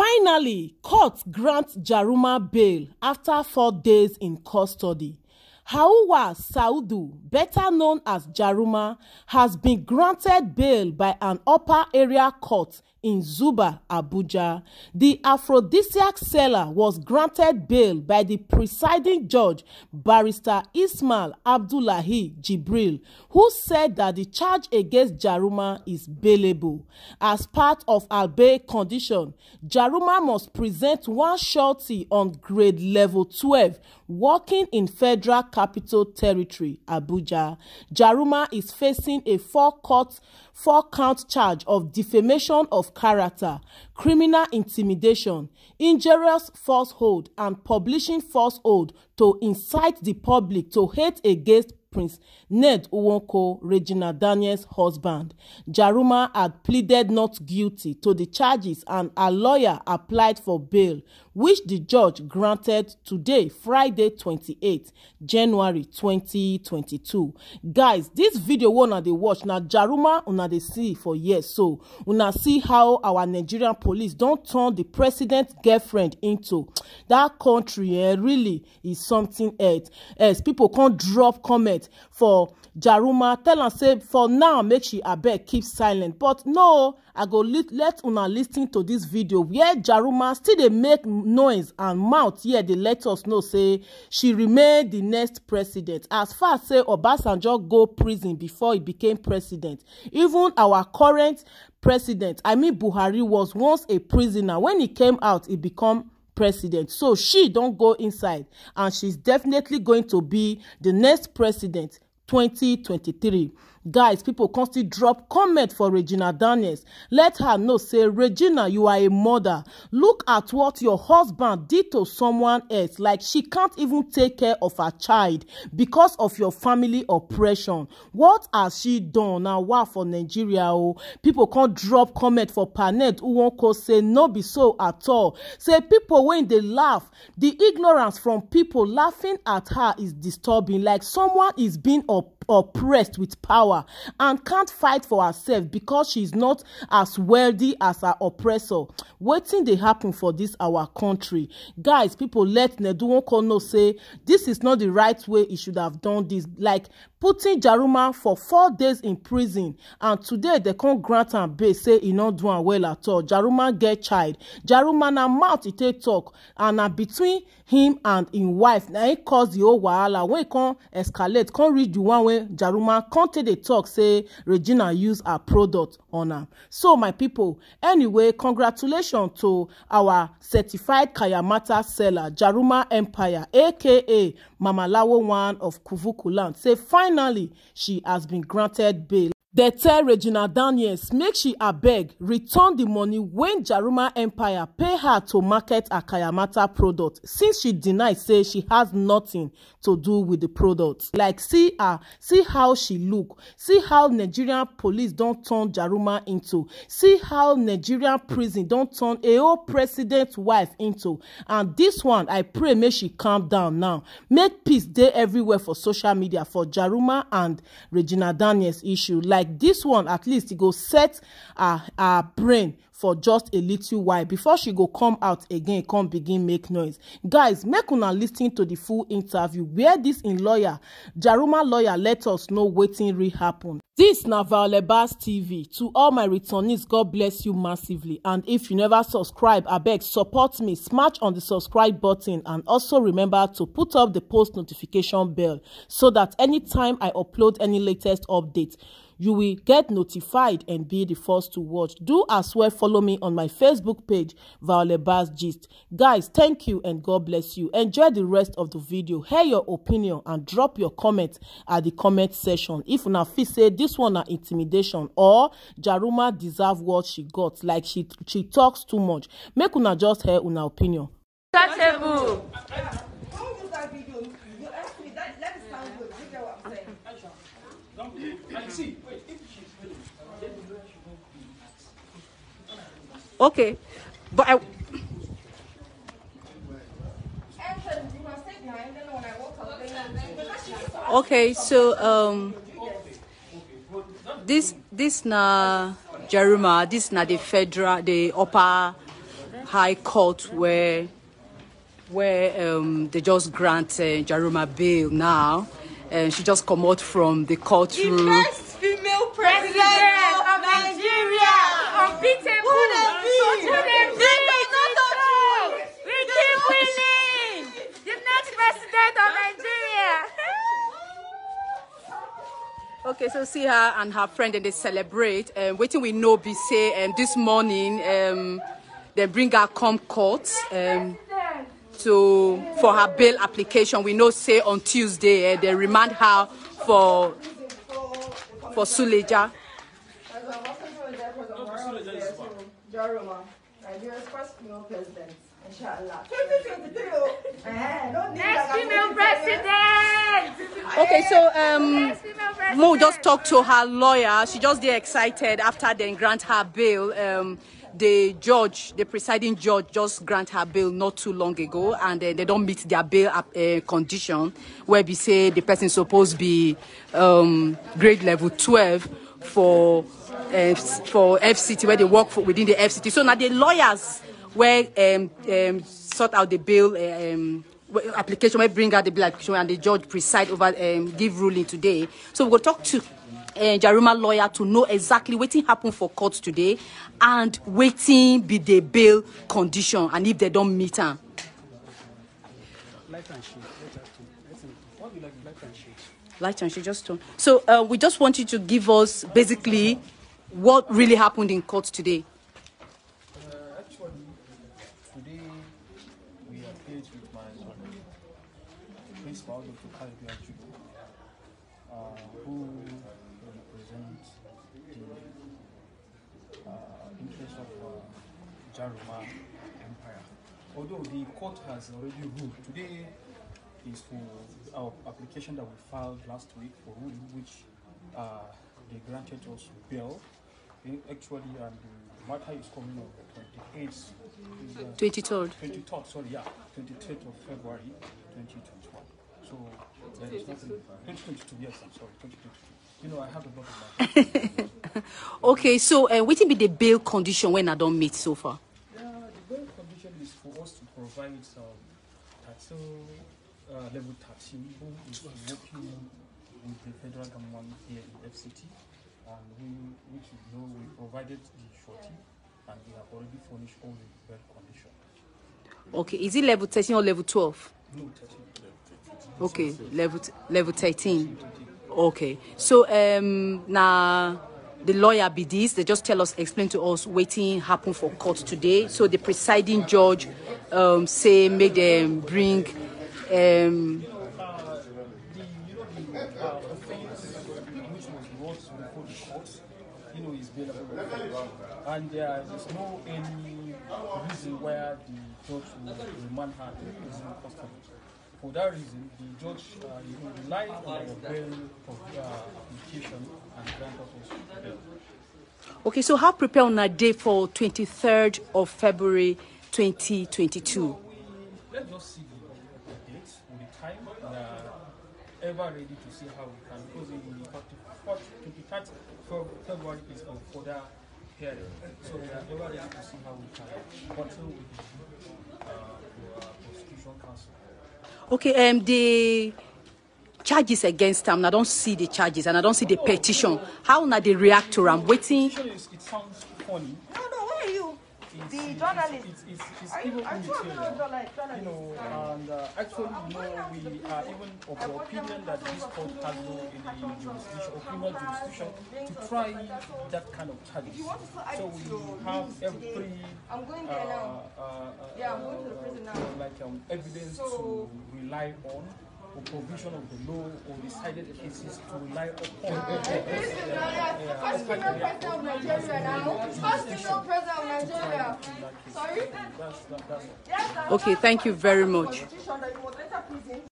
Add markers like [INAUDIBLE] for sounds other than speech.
finally court grants jaruma bail after four days in custody. Hauwa Saudu, better known as Jaruma, has been granted bail by an upper area court in Zuba, Abuja. The aphrodisiac seller was granted bail by the presiding judge, barrister Ismail Abdullahi Jibril, who said that the charge against Jaruma is bailable. As part of Albay condition, Jaruma must present one shorty on grade level 12, working in Federal Capital Territory, Abuja. Jaruma is facing a four-count four -count charge of defamation of character, criminal intimidation, injurious falsehood and publishing falsehood to incite the public to hate against Prince Ned Nwoko, Regina Daniels' husband. Jaruma had pleaded not guilty to the charges and her lawyer applied for bail, which the judge granted today, Friday 28 January 2022. Guys, this video one una the watch now. Jaruma una dey see for years, so. Una see how our Nigerian police don't turn the president girlfriend into. That country eh, really is something else. as people can't drop comment respect for jaruma tell am say for now make she abeg keep silent but no i go let una lis ten to this video Where jaruma still dey make noise and mouth here dey let us know say she remain the next president as far as say obasanjo go prison before he became president even our current president i mean buhari was once a prisoner When he came out he become president so she don't go inside and she's definitely going to be the next president 2023 guys people come still drop comment for regina daniels let her know say regina you are a mother look at what your husband did to someone else like she can't even take care of her child because of your family oppression what has she done now? wa for nigeria o pipo come drop comment for panet nwanko say no be so at all say people when they laugh the ignorance from people laughing at her is disturbing like someone is being oppressed oppressed with power and can't fight for herself because she is not as wealthy as her oppressor wetin dey happen for dis our country guys people let neduwoko know say this is not the right way he should have done this like putting Jaruma for four days in prison and today dem come grant am bail say e no do am well at all Jaruma get child Jaruma na mouth e take talk and na between him and im wife na im cause the whole wahala wey come escalate come reach the one wey Jaruma come take dey talk say Regina use her product on am so my people anyway congratulations to our certified kayamata seller Jaruma Empire aka Mamalawo one of Kuvukland say finally she has been granted bail dem tell regina daniels make she abeg return di money wey jaruma empire pay her to market Kayamata product since she deny say she has nothing to do with di product. like see her see how she look see how nigerian police don turn jaruma into see how nigerian prison don turn a ao president wife into and dis one i pray make she calm down now make peace dey everywhere for social media for jaruma and regina daniels issue. like like this one at least e go set her her brain for just a little while before she go come out again come begin make noise guys make una lis ten to the full interview where this in lawyer jaruma lawyer let us know wetin really happen. dis na Violet Bass tv to all my returnees god bless you massively and if you never subscribe abeg support me smash on the subscribe button and also remember to put up the post notification bell so dat anytime i upload any latest update You will get notified and be the first to watch. Do as well follow me on my Facebook page, Violet Bars Gist. Guys, thank you and God bless you. Enjoy the rest of the video. Hear your opinion and drop your comment at the comment section. If una feel say this one na intimidation or Jaruma deserve what she got, like she she talks too much, make una just hear una opinion. Touchable. see, wait, if she's willing, Okay. But I. Okay, so um, this this na Jeruma, this na the federal, the upper high court where where um, they just grant uh, Jeruma bail now. and she just come out from the courtroom. The first female president, president of, of Nigeria, We keep winning. The next president of Nigeria. okay, so see her and her friend, and they celebrate. Um, waiting we know, be say, um, this morning, um, they bring her come court. Um, to for her bail application. We know say on Tuesday eh, they remand her for for Suleja. Next female president. Okay, so um, Mo just talked to her lawyer. She just get excited after they grant her bail. Um, the judge, the presiding judge, just grant her bail not too long ago, and uh, they don't meet their bail uh, condition, where we say the person supposed be um, grade level 12 for uh, for FCT, where they work for, within the FCT. So now the lawyers where um, um, sort out the bail uh, um, application, where bring out the bail application, and the judge preside over, um, give ruling today. So we're going to talk to uh, Jaruma lawyer to know exactly what happened for court today and waiting be the bail condition and if they don't meet her. Light and shade. just So uh, we just want you to give us basically what really happened in court today. Uh, actually, today we with my uh, uh who Empire. Although the court has already ruled, today is for our application that we filed last week for ruling, which uh, they granted us bail. Eh, actually, the matter is coming on the 28th. 23rd. 23rd, sorry, yeah, 23rd of February 2021. So, there is nothing. 2022, yes, I'm sorry, 2022. You know, I have a lot of [LAUGHS] okay, so uh, what will be the bail condition when I don't meet so far? is for us to provide some um, tattoo, uh, level tattoo is working with the federal government here in FCT and we, know we provided the shorty and we have already furnished all the bed Okay, is it level 13 or level 12? No, 13. Okay, level level 13. Okay, so um now the lawyer be this. They just tell us, explain to us, waiting happen for court today. So the presiding judge um, say make them bring. Um, you know, is available. And there is no any reason why the judge will remand her in prison custody. For that reason, the judge, uh, you know, relies on the uh, bail Okay, so how prepare on a day for 23rd of February 2022? Let's just see the date and the time and uh, ever ready to see how we can because in the 24th, 23rd February is our further period. So we are ever ready to see how we can continue with the uh, Constitution Council. Okay, um, the charges against them. i don't see the charges and i don't see the petition how now they react to am waiting. it sounds funny no no are you the journalist you know and uh, actually we are even of the opinion that this court has no in jurisdiction or criminal jurisdiction to try that kind of charges so we have every uh, uh, uh, uh, like um, evidence to rely on provision of the law or decided cases to rely upon. Uh, president of Nigeria now. president of Nigeria. Sorry? Okay, thank you very much.